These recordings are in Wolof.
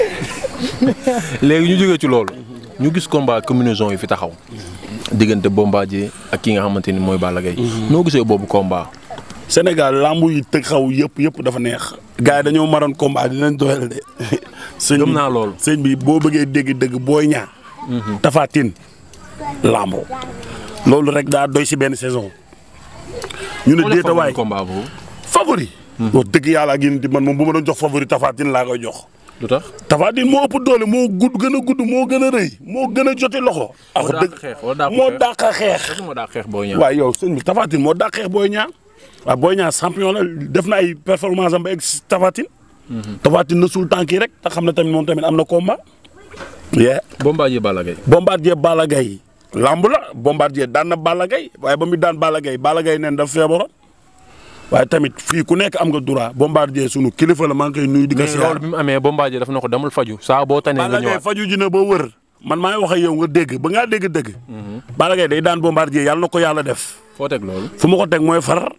léegi ñu jóge ci loolu ñu gis combat combinaison yi fi taxaw diggante Bombardier ak ki nga xamante ni mooy Balla Gaye mhm. noo gisee boobu combat. Sénégal lambu yi tëg xaw yëpp yëpp dafa neex. gars yi dañoo maroon combat dinañ doyal de. sëñ bi naa loolu sëñ bi boo bëggee dégg dëgg booy ñaar mhm. tafaatin lambu. loolu rek daa doy si benn saison. ñu ne déeta waay favori. Mhm. wax dëgg yàlla ak di man moom bu ma doon jox favori tafaatin laa koy jox. lu tax Tapha Tine moo ëpp doole moo gudd gën a gudd moo gën a rëy moo gën a joti loxo. ak dëgg moo dàq a xeex moo dàq xeex booy ñaar waaw yow sëñ bi moo dàq xeex booy ñaar waaw booy ñaar champion la def na ay performance am ba egg si mhm. na suul tànk rek te xam ne tamit moom tamit am na combat. yee. Bombardier Balla Gaye. Bombardier Balla Gaye. lamb la Bombardier daan na Balla Gaye waaye ba muy daan Balla Gaye Balla Gaye neen daf feebaroon waaye tamit fii ku nekk am nga droit bombardier sunu kilifa la maa ngi koy nuyu. di ko si bi mu amee bombardier daf na ko demul faju saa boo tanee nga ñëwaat faju ji na boo wër man maa ngi wax ak yow nga dégg ba ngaa dégg dëgg. Mhm. Balla day daan bombardier yàlla na ko yàlla def. foo teg loolu fu ma ko teg mooy far.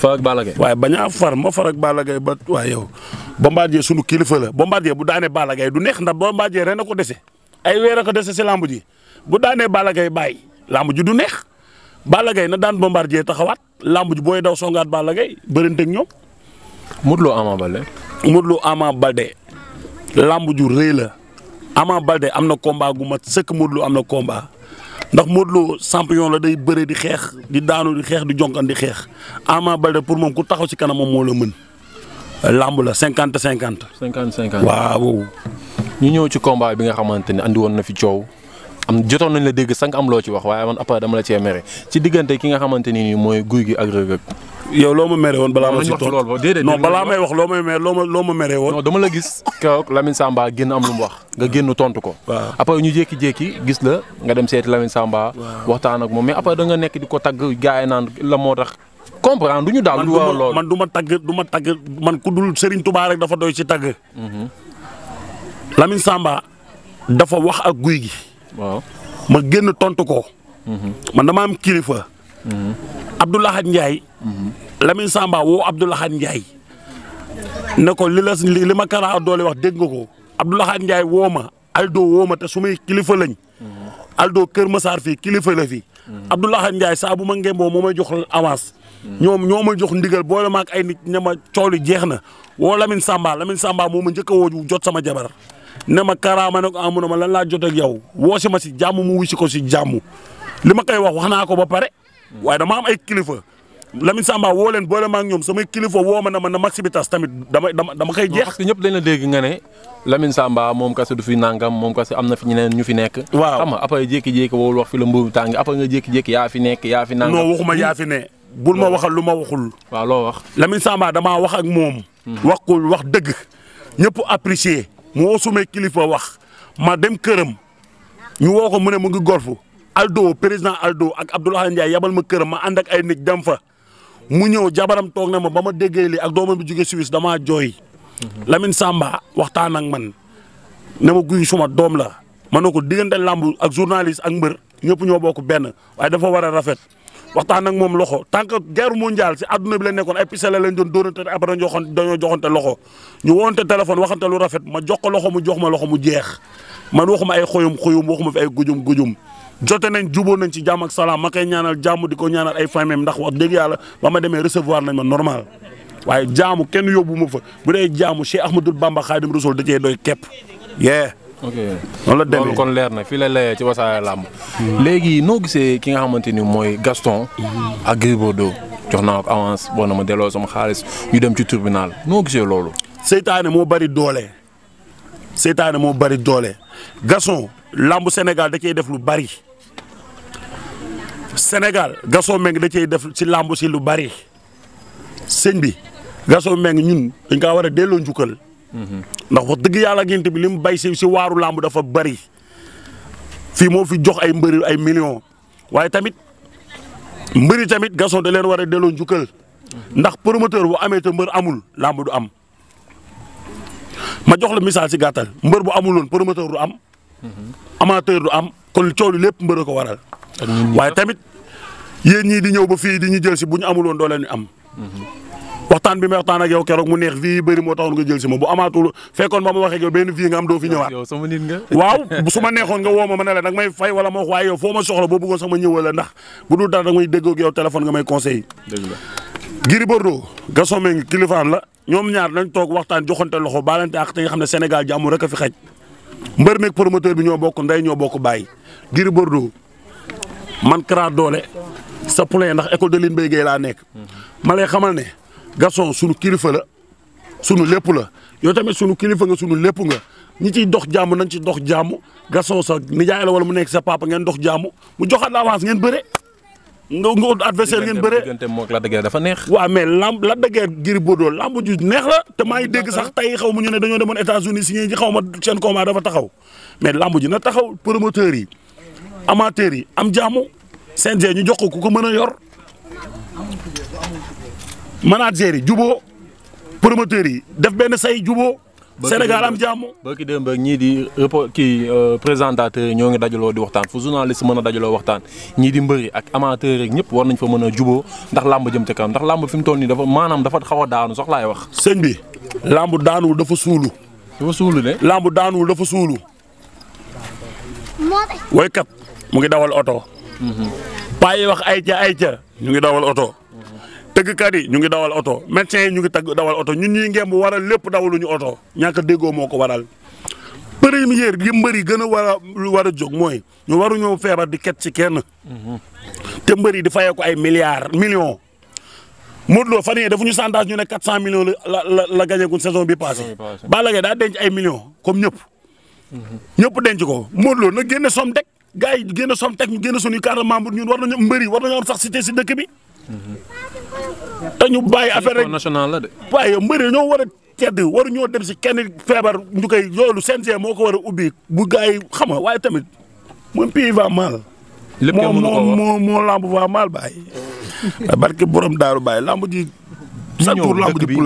far ak waaye bañ a far ma far ak Balla ba waaye yow bombardier sunu kilifa la bombardier bu daanee Balla Gaye du neex ndax bombardier ren a ko dese ay weer a ko dese si lamb ji bu daanee Balla Gaye bàyyi lamb ji du neex Balla Gaye na daan bombardier taxawaat làmb ji booy daw songaat Balla Gaye bërinteeg ñoom. Modou Lo Ama Balde. Modou Lo Balde làmb ju rëy la Ama Balde am na combat gu ma sëkk Modou am na combat ndax Modou Lo champion la day bëre di xeex di daanu di xeex di jonkan di xeex Ama Balde pour moom ku taxaw ci kanamam moom moo la mën làmb la cinquante cinquante. cinquante cinquante waaw. ñu ñëw ci combat bi nga xamante ne andi woon na fi coow. am jotoon nañ la dégg sànq am loo ci wax waaye man après dama la cee mere ci diggante ki nga xamante ni nii mooy guy gi ak rëg-rëg yow loo ma mere woon balaa ma si toog non balaa may wax loo may mere loo ma loo ma mere woon non dama la gis keroog Lamine Samba génn am lu mu wax nga génn tontu ko après ñu jékki-jékki gis la nga dem seeti Lamine Samba waxtaan ak moom mais après da nga nekk di ko tagg gaay naan la moo tax comprendre du ñu daal du loolu man du ma tagg du ma tagg man ku dul Serigne Touba rek dafa doy ci tagg mhm. Lamine Samba dafa wax ak guy gi waaw ma génn tontu ko. Mhm. ma dama am kilifa. Mhm. Abdou Lahad Ndiaye. Mhm. lamin Samba woo Abdou Lahad Ndiaye. ne ko li la li ma Kara Dollé wax dégg nga ko Abdou Lahad Ndiaye woo ma Aldo woo te su may kilifa lañ. Aldo Kër masaar fii kilifa la fi Abdou Lahad Ndiaye saabu bu ma ngemboo moo may jox avance. ñoom ñoo ma jox ndigal boole ma ay nit ña ma cooli jeex na woo lamin Samba Lamine Samba moo ma njëkk a woo jot sama jabar. ne ma karaama ne ko ah mu ne ma lan laa jot ak yow woo si ma si jàmm mu wusi ko si jàmm li ma kay wax wax naa ko ba pare waaye dama am ay kilifa Lamine Samba woo leen boole ma ak ñoom samay kilifa woo ma ne ma na Maxi bi tamit dama dama dama koy jeex. ñëpp dañ la dégg nga ne Lamine Samba moom kese du fi nangam moom kese am na fi ñeneen ñu fi nekk. waaw xam nga après jékki-jékki woo wax fi la mbuum tàng après nga jékki-jékki yaa fi nekk yaa fi. nangam non waxuma yaa fi ne. bul ma waxal lu ma waxul. waaw loo wax Lamine Samba damaa wax ak moom. Hmm. wax ko wax dëgg ñëpp mu woo sumay kilifa wax ma dem këram ñu woo ko mu ne mu ngi golfu Aldo président Aldo ak Abdoulaye Ndiaye yabal ma këram ma ànd ak ay nit dem fa mu ñëw jabaram toog na ma ba ma déggee lii ak dooma bi jige Suisse damaa jooy Lamine Samba waxtaan ak man ne ma guy suma doom la ma ne ko diggante làmb ak journaliste ak mbër ñëpp ñoo bokk benn waaye dafa war rafet waxtaan ak moom loxo tant que guerre mondiale si àdduna bi la nekkoon ay pisale lañ doon dóorante te après dañoo joxoon dañoo joxante loxo ñu woonte téléphone waxante lu rafet ma jox ko loxo mu jox ma loxo mu jeex man waxuma ay xoyum xoyum waxuma fi ay gujum gujum jote nañ juboo nañ ci jàmm ak salaam ma koy ñaanal jàmm di ko ñaanal ay famem ndax wax dëgg yàlla ba demee recevoir nañ ma normal waaye jaamu kenn yóbbu ma fa bu dee jaamu Cheikh Ahmadou Bamba Khadim Rasoul da cee doy képp yee ok noonu la demee loolu kon leer na fii la layee ci Wassare Lamb. léegi noo gisee ki nga xamante ni mooy Gaston. ak Gris Bordeaux jox naa ko avance boo na ma delloo sama xaalis ñu dem ci tribunal noo gisee loolu. seytaane moo bari doole seytaane moo bari doole Gaston lambu Sénégal da cee def lu bari senegal Gaston Mbengue da cee def ci lambu si lu bari sëñ bi Gaston Mbengue ñun dañ kaa war a delloo njukkal. Mhm. ndax wax dëgg yàlla ak yénte bi li mu bay si si waaru làmb dafa bëri fii moo fi jox ay mbëri ay millions waaye tamit mbëri tamit Gaston da leen war a delloo ndax promoteur bu amee ta mbër amul làmb du am ma jox la misaal si gàttal mbër bu amul woon promoteur du am amateur du am kon coow lépp mbër a ko waral waaye tamit yéen ñii di ñëw ba fii di ñu jël si bu amuloon amul woon doo leen ñu am mhm. waxtaan bi ma waxtaan ak yow keroog mu neex vie yi bëri moo taxoon nga jël si ma bu amaatul fekkoon ba ma waxee yow benn vie nga am doo fi ñëwaat waaw su ma neexoon nga woo ma ma ne da nga may fay wala ma wax waaye foo ma soxla boo bëggoon sax ma ñëw wala ndax bu dul dara da ngay déggoo ak yow téléphone nga may conseil Gris Bordeaux Gaston Mbengue kilifaan la ñoom ñaar nañ toog waxtaan joxante loxo baalante ak te nga xam ne Sénégal jàmm rek a fi xaj mbër Gaston sunu kilifa la sunu lépp la yow tamit sunu kilifa nga sunu lépp nga ñi ciy dox jàmm nañ ci dox jàmm Gaston sa nijaay la wala mu nekk sa papa ngeen dox jàmm mu joxaat la avance ngeen bëre. nga nga ut adversaire ngeen bëre diggante moom la dëgër dafa neex. waaw mais lamb la dëgër Gris Bordeaux lamb ju neex la te maa ngi dégg sax tey xaw ma ñu ne dañoo demoon États-Unis si ñi xaw ma seen combat dafa taxaw mais lamb ji na taxaw promoteurs yi amateurs yi am jàmm CNG ñu jox ko ko mën a yor. manager yi juboo promoteurs yi def benn say juboo Sénégal am jàmm. dem ba ñii di report kii euh, yi ñoo ngi dajaloo di waxtaan fu journaliste mën a dajaloo waxtaan ñii di mbëri ak amateur rek ñëpp war nañ fa mën a juboo ndax làmb jëm te kanam ndax làmb fi mu toll nii dafa maanaam dafa xaw a daanu sax laay wax. sëñ bi làmb daanuwul dafa suulu. dafa suulu de. làmb daanuwul dafa suulu. woykat mu ngi dawal oto. Mhm. paa wax ay ca ay ca ñu ngi dawal oto. tëggkat yi ñu ngi dawal oto médecins yi ñu ngi tag dawal oto ñu ñun ñuy ngemb waral lépp dawaluñu oto ñàkk déggoo moo ko waral. première yi mbër yi gën a war a war a jóg mooy ñu waruñoo feebar di ket si kenn. te mbër yi di fayee ko ay milliards millions. Modou Lo fan yii defuñu chantage ñu ne 400 millions la la la gagné gu saison bi passé Balla Gaye daa denc ay millions comme ñëpp. ñëpp denc ko Modou Lo na génne som teg gars yi génne somme teg ñu génne suñuy carte membre ñun war nañu mbër yi war nañu am sax cité si dëkk bi. te ñu bàyyi affaire national la de. waaye mbëri ñoo war a tedd waru ñoo dem si kenn feebar ñu koy loolu CNG moo ko war a ubbi bu gars yi xam nga waaye tamit moom pays va mal. lépp moo moo moo lamb va mal bàyyi. barke borom daaru bàyyi lamb ji. ñu ñëw dëkk bi